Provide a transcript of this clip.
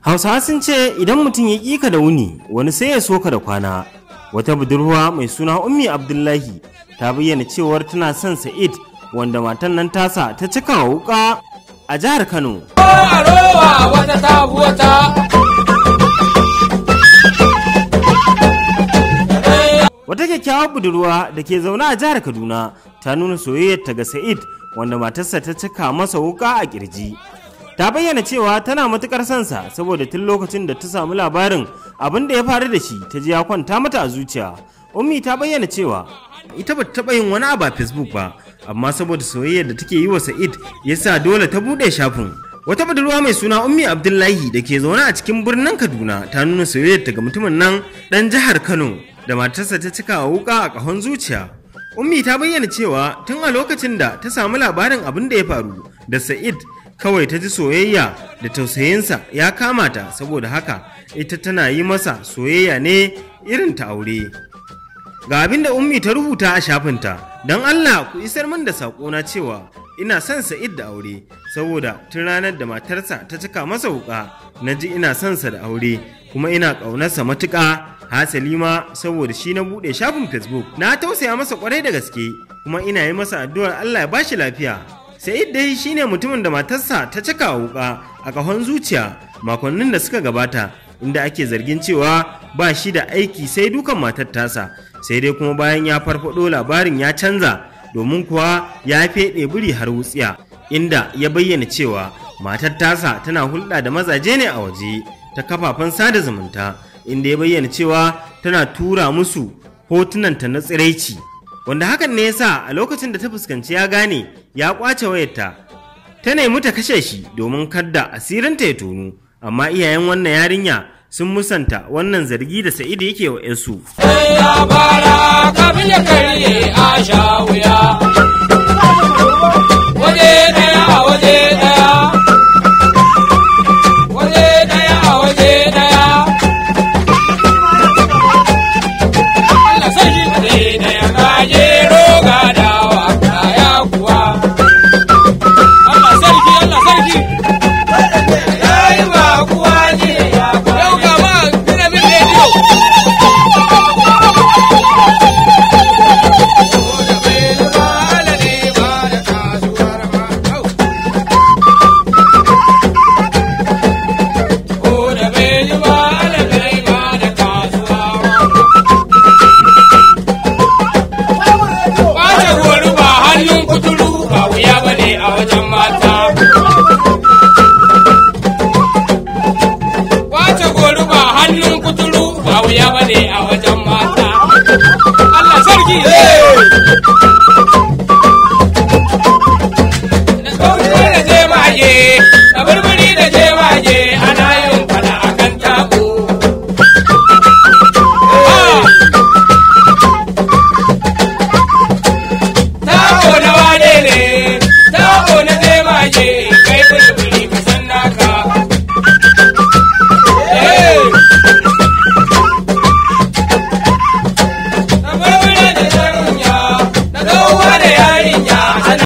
hausawa sun ce idan mutum ya ƙi ka da wuni wani sai ya soka da kwana wata budurwa mai suna ummi abdullahi ta bayyana cewar tana son sa'id wanda matan nan tasa ta cika wuka a jihar kano wata kyakkyawar budurwa da ke zaune a jihar kaduna ta nuna soyayyarta ga sa'id wanda matarsa ta cika masa wuka a kirji ta bayyana cewa tana matukar sansa saboda tun lokacin da ta samu labarin abin da ya faru da shi ta ji ya kwanta mata a zuciya ummi ta bayyana cewa ita ba taɓa yin wani abu a facebook ba amma saboda soyayyar da take yi wa sa'id ya sa dole ta buɗe shafin wata budurwa mai suna ummi abdullahi da ke zaune a cikin birnin kaduna ta nuna soyayyar ta ga mutumin nan ɗan jihar kano da matarsa ta cika a wuka a kahon zuciya ummi ta bayyana cewa tun a lokacin da ta samu labarin abin da ya faru da sa'id kawai ta ji soyayya da tausayinsa ya kamata saboda haka ita tana yi masa soyayya ne irin ta aure ga abin da ummi ta rubuta a shafinta don allah ku isar min da saƙona cewa ina son sa'id da aure saboda tun ranar da matarsa ta cika masa wuƙa na ji ina son sa da aure kuma ina ƙaunarsa matuƙa hasali ma saboda shi na buɗe shafin facebook na tausaya masa kwarai da gaske kuma ina yi masa addu'ar allah ya ba shi lafiya Sa'id dai shine mutumin da matarsa ta cika wuka a kahon zuciya makonnin da suka gabata inda ake zargin cewa ba shi da aiki sai dukan matar tasa sai dai kuma bayan ya farfado labarin ya canza domin kuwa ya feɗe biri har wutsiya inda ya bayyana cewa matar tasa tana hulɗa da mazaje ne a waje ta kafafen sada zumunta inda ya bayyana cewa tana tura musu hotunanta na tsiraici wanda hakan ne ya sa a lokacin da ta fuskanci ya gane ya ƙwace wayarta ta nemi ta kashe shi domin kadda asirinta ya tonu amma iyayen wannan yarinya sun musanta wannan zargi da sa'idu yake wa 'yansu. a wajen mata. Wace gori ba hannun kuturu ba wuya bane a wajen mata. Allah sarki! Ji